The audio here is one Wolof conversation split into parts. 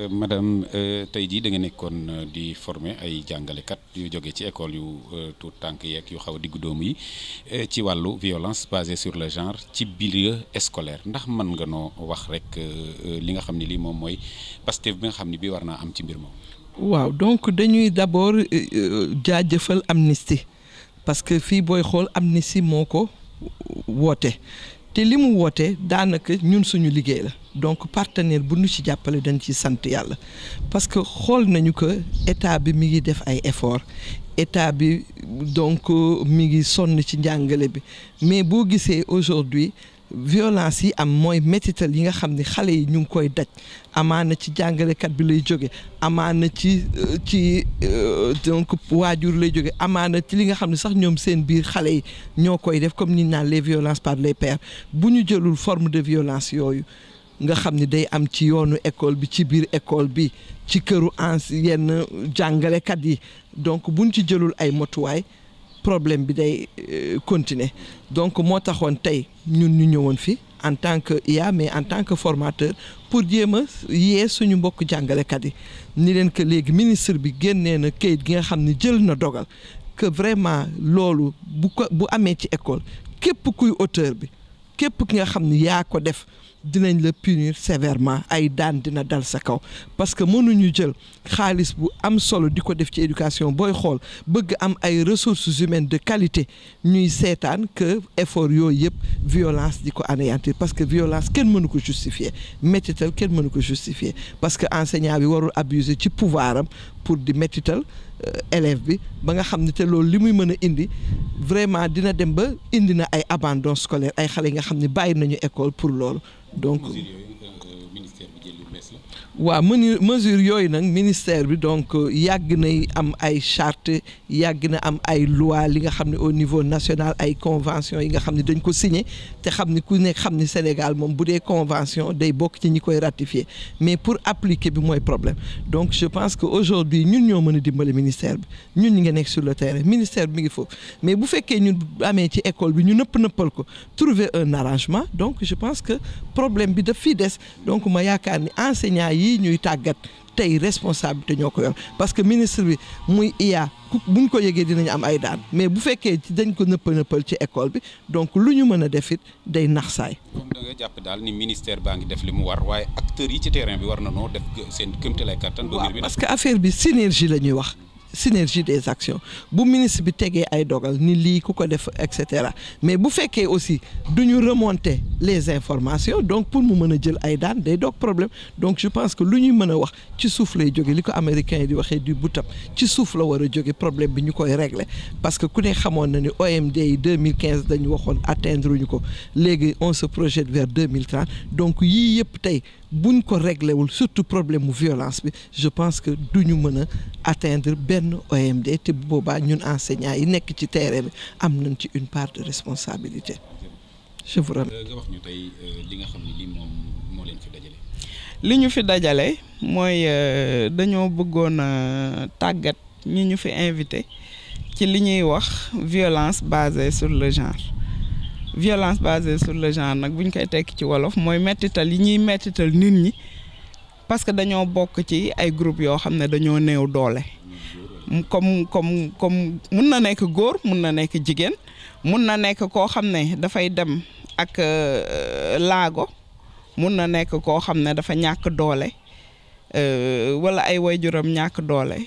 Euh, madame euh, tey jii da nga nekkoon euh, di former ay jàngalekat yu joge ci école yu tuut tànk yeeg yu xaw a diggu dóomu yi ci wàllu violence basée sur le genre ci milieu scolaire ndax mën nga noo wax rek li nga xam ne lii moom mooy Pastef bi nga xam ne bii war naa am ci mbir moom. waaw donc dañuy d'abord jaajëfal amnistie parce que fii booy xool amnistie moo ko woote. te li mu woote daanaka ñun suñu liggéey la donc partenaire bu ñu ci jàppale dañ ci sant yàlla parce que xool nañu ko état bi mi ngi def ay effort état bi donc mi ngi sonn ci njàngale bi mais boo gisee aujourd'hui violence yi am mooy métital yi nga xam ni xale yi ñu ngi koy daj amaana ci jàngalekat bi lay jóge amaana ci euh, ci euh, donc waajur lay jóge amaana ci li nga xam ne sax ñoom seen biir xale yi ñoo koy def comme ni naan les violences par les pères bu ñu jëlul forme de violence yooyu nga xam ni day am ci yoonu école bi ci biir école bi ci këru ans yenn jàngalekat yi donc buñ ci jëlul ay motuwaay problème bi day euh, continuer donc moo taxoon tey ñun ñu ñëwoon fi en tant que IA mais en tant que formateur pour jéem a yee suñu mbokk jàngalekat yi ni leen que léegi ministre bi génnee na kayit gi nga xam ne jël na dogal que vraiment loolu bu ko amee ci école képp kuy auteur bi képp ki nga xam ni yaa ko def dinañ la punir sévèrement ay daan dina dal sa kaw parce que mënuñu jël xaalis bu am solo di ko def ci éducation booy xool bëgg am ay ressources humaines de qualité ñuy seetaan que effort yooyu yëpp violence di ko anéantir parce que violence kenn mënu ko justifier métital kenn mënu ko justifier parce que enseignant bi warul abuser ci pouvoir pour di métital Euh, élève bi ba nga xam ne te loolu li muy mën a indi vraiment dina dem ba indi na ay abandon scolaire ay xale yi nga xam ne bàyyi nañu école pour loolu waaw menu mesure yooyu nag ministère bi donc yàgg nay am ay charte yàgg na am ay loi li nga xam ne au niveau national ay convention yi nga xam ne dañ ko signé te xam ne ku ne xam ni Sénégal moom bu dee convention day bokk ci ñi koy ratifier mais pour appliquer bi mooy problème donc je pense que aujourd'hui ñun ñoo mën a dimbale ministère bi ñun ñi nga nekk sur le terrain ministère bi mi ngi foofu mais bu fekkee ñun amee ci école bi ñu nëpp nëppal ko trouver un arrangement donc je pense que problème bi daf fii des donc ma ni enseignant yi yii ñuy tàggat tey responsabilité ñoo ko yor parce que ministre bi muy IA buñ ko yëgee dinañu am ay daan mais bu fekkee ci dañ ko nëppal nëppal ci école bi donc lu ñu mën a def it day nax saay. kon da nga jàpp ni ministère baa ngi def li mu war waaye acteurs yi ci terrain bi war na noo def seen kéemtalaay kattan. waaw parce que wax. synergie des actions bu ministre bi tegee ay dogal ni lii ku ko def et cetera mais bu fekkee aussi du ñu remonter les informations donc pour mu mën a jël ay daan day doog problème donc je pense que lu ñuy mën a wax ci suuf lay jóge li ko américain yi di waxee du butab ci suuf la war a jóge problème bi ñu koy régler parce que ku ne xamoon na ni OMD yi 2015 dañu waxoon atteindre ñu ko léegi on se projette vers 2030 donc yii yëpp tey. buñ ko réglé wul surtout problème mu violence bi je pense que du ñu mën a atteindre benn OMD te boobaa ñun enseignants yi nekk ci terrain bi am nañ ci une part de responsabilité. je euh, wax ñu tey euh, li nga xam ne moom moo leen fi dajale. li ñu fi dajale mooy euh, dañoo bëggoon a tàggat ñi ñu fi invité ci li ñuy wax violence basée sur le genre. violence basée sur le genre nag bu ñu koy tekki ci wolof mooy mettital yi ñuy mettital nit ñi parce que dañoo bokk ci ay groupe yoo xam ne dañoo néew doole comme comme comme mun na nekk góor mun na nekk jigéen mun na nekk koo xam ne dafay dem ak euh, laago mun na nekk koo xam ne dafa ñàkk doole euh, wala ay waajuram ñàkk doole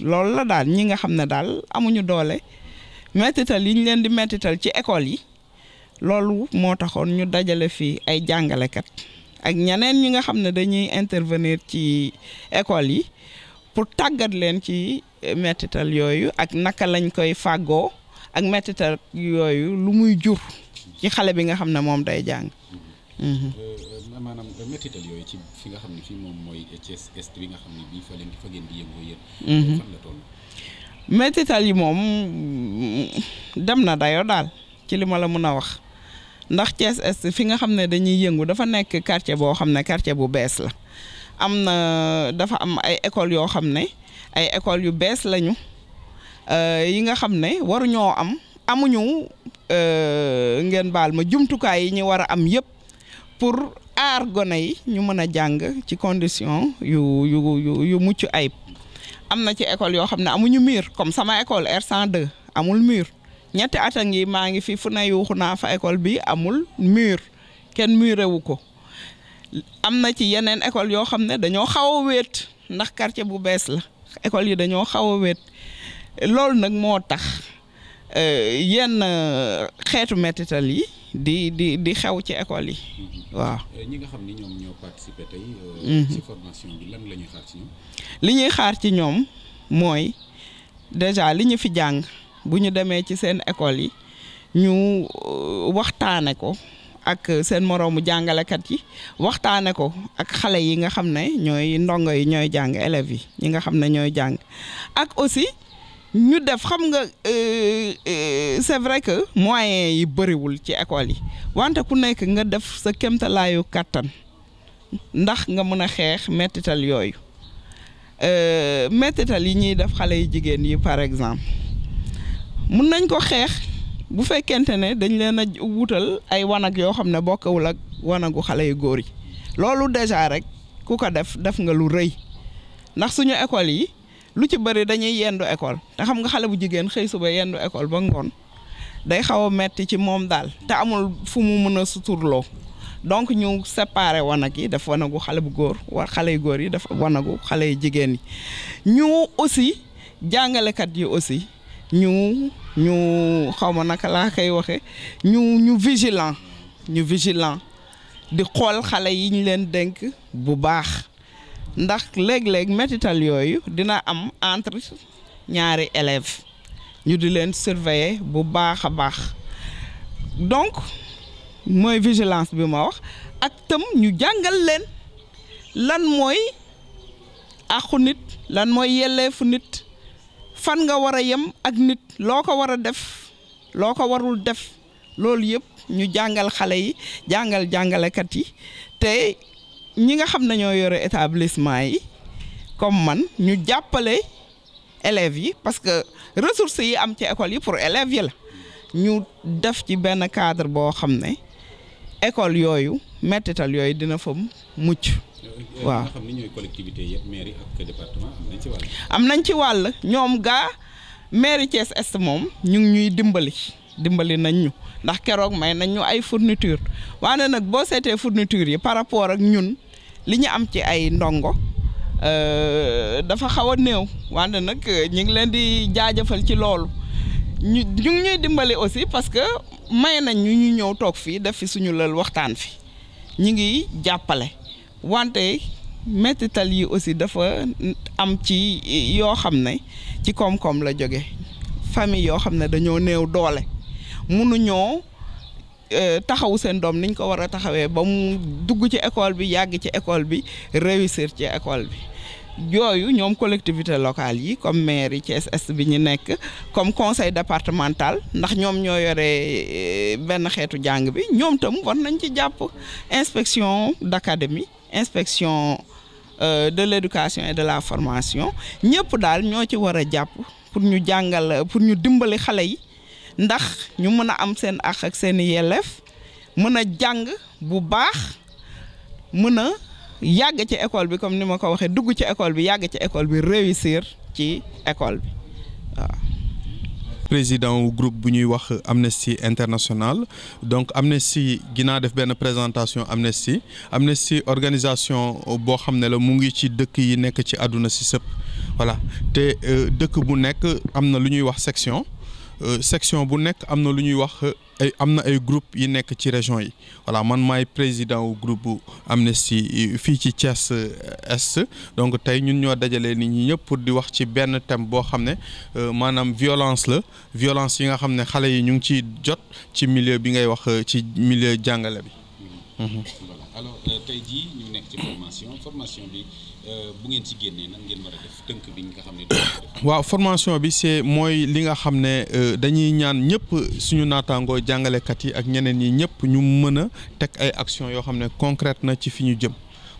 loolu la daal ñi nga xam ne daal amuñu doole mettital yi ñu leen di mettital ci école yi loolu moo taxoon ñu dajale fii ay jàngalekat ak ñeneen ñi nga xam ne dañuy intervenir ci école yi pour tàggat leen ci mettital yooyu ak naka lañ koy fàggoo ak mettital yooyu lu muy jur ci xale bi nga xam ne moom day jàng. Mhm. Euh, euh, maanaam euh, mettital ci fi nga xam ne moom mooy Thiès bi nga xam ne bii fa mhm. yi moom dem na dayoo daal ci li ma la mën a wax. ndax cees Est fi nga xam ne dañuy yëngu dafa nekk quartier boo xam ne quartier bu bees la am na dafa am ay écoles yoo xam ne ay écoles yu bees lañu euh, yi nga xam ne waruñoo am amuñu euh, ngeen baal ma jumtukaay yi ñu war a am yëpp pour aar gone yi ñu mën a jàng ci condition yu yu yu yu mucc ayib am na ci école yoo xam ne amuñu mur comme sama école R102 amul mur ñetti at yi maa ngi fi fu ne yuuxu naa fa école bi amul mur kenn murewu ko am na ci yeneen école yoo xam ne dañoo xaw a wéet ndax quartier bu bees la école yi dañoo xaw a wéet loolu nag moo tax euh, yenn xeetu métital yi di di di xew ci école yi mm-hmm. waaw. Euh, ñi nga xam ni ñoom ñoo participer euh, mm-hmm. la ñuy xaar li ñuy xaar ci ñoom mooy déjà li ñu fi jàng. bu ñu demee ci seen école yi ñu euh, waxtaane ko ak seen moroomu jàngalekat yi waxtaane ko ak xale yi nga xam ne ñooy ndongo yi ñooy jàng élèves yi ñi nga xam ne ñooy jàng ak aussi ñu def xam nga euh, euh, c'est vrai que moyens yi bëriwul ci école yi wante ku nekk nga def sa kéemtalaayu kàttan ndax nga mën a xeex mettital yooyu mettital yi ñuy def xale yi jigéen yi par exemple mun nañ ko xeex bu fekkente ne dañ leen a wutal ay wanag yoo xam ne bokkawul ak wanagu xale yu góor yi loolu déjà rek ku ko def def nga lu rëy ndax suñu école yi lu ci bëri dañuy yendu école te xam nga xale bu jigéen xëy suba yendu école ba ngoon day xaw a metti ci moom daal te amul fu mu mën a suturloo donc ñu séparé wanag yi def wanagu xale bu góor wa xale yu góor yi def wanagu xale yu jigéen yi ñu aussi jàngalekat yi aussi ñu ñu xawma naka laa kay waxe ñu ñu vigilant ñu vigilant di xool xale yi ñu leen dénk bu baax ndax léeg-léeg métital yooyu dina am entre ñaari élève ñu di leen surveiller bu baax a baax donc mooy vigilance bi ma wax ak tam ñu jàngal leen lan mooy àqu nit lan mooy yelleefu nit fan nga war a yem ak nit loo ko war a def loo ko warul def loolu yëpp ñu jàngal xale yi jàngal jàngalekat yi te ñi nga xam ne ñoo yore établissement yi comme man ñu jàppale élèves yi parce que ressources yi am ci école yi pour élèves yi la ñu def ci benn cadre boo xam ne école yooyu mettital yooyu dina fa mucc waaw nga xam ni ñooy collectivité yëpp mairie am nañ ci wàll. ñoom gaa mairie Thiès Est moom ñu ngi ñuy dimbali dimbali nañ ndax keroog may nañ ñu ay fourniture waane nag boo seetee fourniture yi par rapport ak ñun li ñu am ci ay ndongo. Euh, dafa xaw a néew wante nag euh, ñu ngi leen di jaajëfal ci loolu ñu ñuy dimbale aussi parce que may nañ ñu ñu ñëw toog fii def fi suñu lël waxtaan fi ñu ngi jàppale wante mettital yi aussi dafa am ci yoo xam ne ci koom-koom la jóge famille yoo xam ne dañoo néew doole mënuñoo euh, taxaw seen doom niñ ko war a taxawee ba mu dugg ci école bi yàgg ci école bi réussir ci école bi yooyu ñoom collectivité locale yi comme maire yi Thiès bi ñu nekk comme conseil départemental ndax ñoom ñoo yore euh, benn xeetu jàng bi ñoom tam war nañ ci jàpp inspection d'académie inspection euh, de l'éducation et de la formation ñëpp daal ñoo ci war a jàpp pour ñu jàngal pour ñu dimbali xale yi ndax ñu mën a am seen àq ak seen yelleef mën a jàng bu baax mën a yàgg ci école bi comme ni ma ko waxee dugg ci école bi yàgg ci école bi réussir ci école bi waaw président wu groupe bu ñuy wax Amnesty International donc Amnesty ginnaaw def benn présentation Amnesty Amnesty organisation boo xam ne la mu ngi ci dëkk yi nekk ci àdduna si sëp voilà te euh, dëkk bu nekk am na lu ñuy wax section Euh, section bu nekk am na lu ñuy wax euh, ay am na ay groupe yi nekk ci région yi voilà man maay président wu groupe bu Amnesty euh, fii ci Thiès Est donc tey ñun ñoo dajalee ni ñi ñëpp pour di wax ci benn thème boo xam ne maanaam violence la violence yi nga xam ne xale yi ñu ngi ciy jot ci milieu bi ngay wax ci milieu jàngale bi. Mm-hmm. Mm-hmm. jii ñu nekk ci ci génnee nan waaw formation bi c'est mooy li nga xam ne euh, dañuy ñaan ñëpp suñu naataangoo jàngalekat yi ak ñeneen ñi ñëpp ñu mën a teg ay action yoo xam ne concrète na ci fi ñu jëm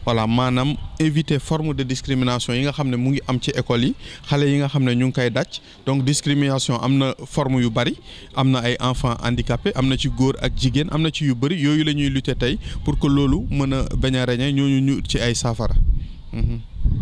voilà maanaam éviter forme de discrimination yi nga xam ne mu ngi am ci école yi xale yi nga xam ne ñu ngi koy daj donc discrimination am na forme yu bari am na ay enfants handicapés am na ci góor ak jigéen am na ci yu bari yooyu la ñuy lutter tey pour que loolu mën a bañ a reñe ñooñu ñu ci ay saafara. Mm-hmm.